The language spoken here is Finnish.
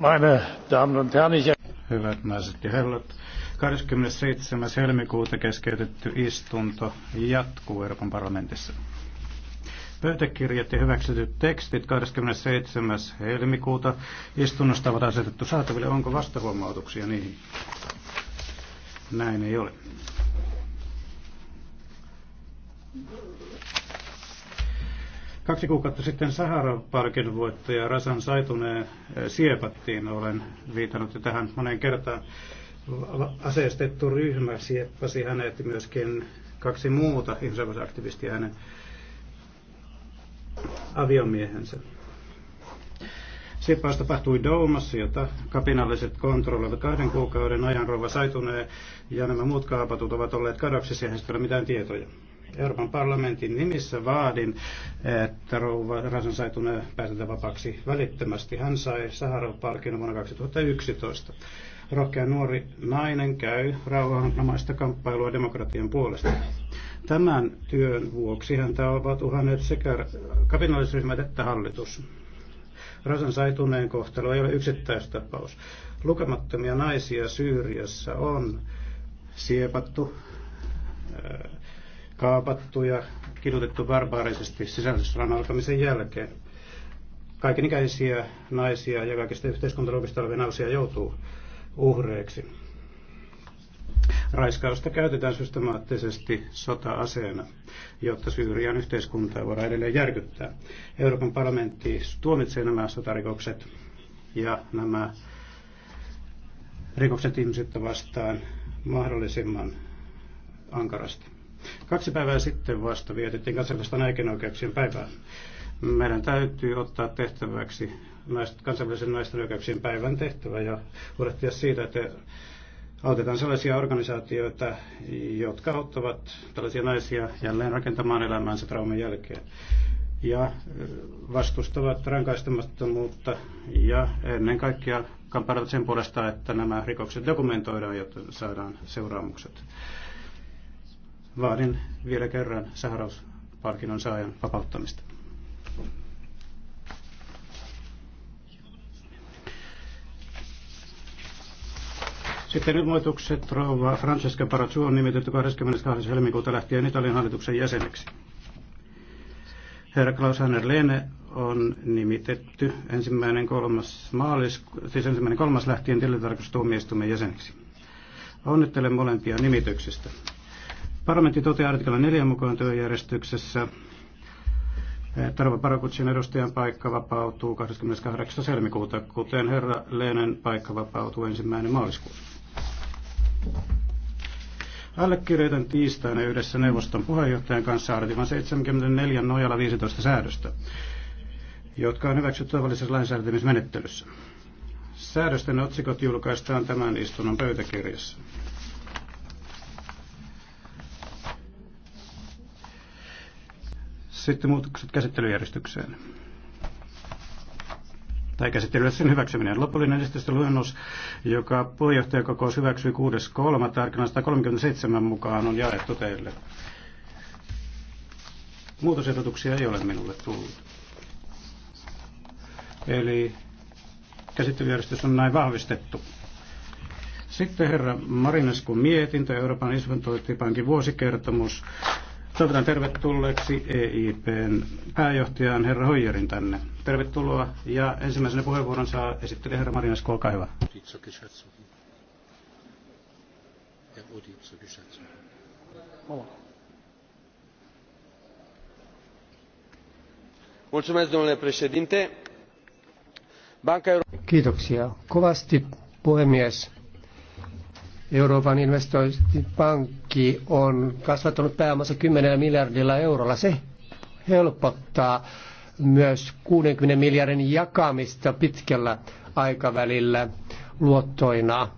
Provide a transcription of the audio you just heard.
Meine Damen und Herren, ich... Hyvät naiset ja herrat, 27. helmikuuta keskeytetty istunto jatkuu Euroopan parlamentissa. Pöytäkirjat ja hyväksytyt tekstit 27. helmikuuta istunnosta ovat asetettu saataville. Onko vastahuomautuksia niihin? Näin ei ole. Kaksi kuukautta sitten Sahara-parkin voittaja Rasan Saituneen eh, siepattiin. Olen viitannut jo tähän moneen kertaan. Aseistettu ryhmä sieppasi hänet myöskin kaksi muuta ihmisoikeusaktivistia hänen aviomiehensä. Sieppaus tapahtui Doumassa, jota kapinalliset kontrolloivat kahden kuukauden ajan. Rouva Saituneen ja nämä muut kaapatut ovat olleet kadoksissa ja heistä ei ole mitään tietoja. Euroopan parlamentin nimissä vaadin, että rouva Rasan Saitunen päätetään vapaaksi välittömästi. Hän sai saharov palkin vuonna 2011. Rohkea nuori nainen käy rauhanomaista kamppailua demokratian puolesta. Tämän työn vuoksi häntä ovat uhanneet sekä kapinallisryhmät että hallitus. Rasan Saituneen kohtalo ei ole yksittäistapaus. Lukemattomia naisia Syyriassa on siepattu, kaapattu ja kidutettu barbaarisesti sisällissodan alkamisen jälkeen. Kaikenikäisiä naisia ja kaikista yhteiskuntaluokista olevia naisia joutuu uhreiksi. Raiskausta käytetään systemaattisesti sota-aseena, jotta Syyrian yhteiskuntaa voidaan edelleen järkyttää. Euroopan parlamentti tuomitsee nämä sotarikokset ja nämä rikokset ihmisyyttä vastaan mahdollisimman ankarasti. Kaksi päivää sitten vasta vietettiin kansainvälistä oikeuksien päivää. Meidän täytyy ottaa tehtäväksi kansainvälisen naisten oikeuksien päivän tehtävä ja huolehtia siitä, että autetaan sellaisia organisaatioita, jotka auttavat tällaisia naisia jälleen rakentamaan elämäänsä trauman jälkeen ja vastustavat rankaistamattomuutta ja ennen kaikkea kamppailevat sen puolesta, että nämä rikokset dokumentoidaan, jotta saadaan seuraamukset vaadin vielä kerran saharaus saajan vapauttamista. Sitten ilmoitukset rouva Francesca Parazzo on nimitetty 22. helmikuuta lähtien Italian hallituksen jäseneksi. Herra Klaus-Hanner Lene on nimitetty ensimmäinen kolmas maalis, siis ensimmäinen kolmas lähtien tilintarkastustuomioistuimen jäseneksi. Onnittelen molempia nimityksistä. Parlamentti toteaa artikla 4 mukaan työjärjestyksessä, että Parakutsin edustajan paikka vapautuu 28. helmikuuta, kuten herra Leenen paikka vapautuu ensimmäinen maaliskuuta. Allekirjoitan tiistaina yhdessä neuvoston puheenjohtajan kanssa artiklan 74 nojalla 15 säädöstä, jotka on hyväksytty tavallisessa lainsäätämismenettelyssä. Säädösten otsikot julkaistaan tämän istunnon pöytäkirjassa. Sitten muutokset käsittelyjärjestykseen. Tai käsittelyä sen hyväksyminen. Lopullinen luennos, joka puheenjohtajakokous hyväksyi 6.3. arkana 137 mukaan on jaettu teille. Muutosehdotuksia ei ole minulle tullut. Eli käsittelyjärjestys on näin vahvistettu. Sitten herra Marineskun mietintö, Euroopan investointipankin vuosikertomus. Toivotan tervetulleeksi EIPn pääjohtajan herra Hoijerin tänne. Tervetuloa ja ensimmäisenä puheenvuoron saa esittelijä herra Marinas, olkaa hyvä. Kiitoksia kovasti puhemies. Euroopan investointipankki on kasvattanut pääomansa 10 miljardilla eurolla. Se helpottaa myös 60 miljardin jakamista pitkällä aikavälillä luottoina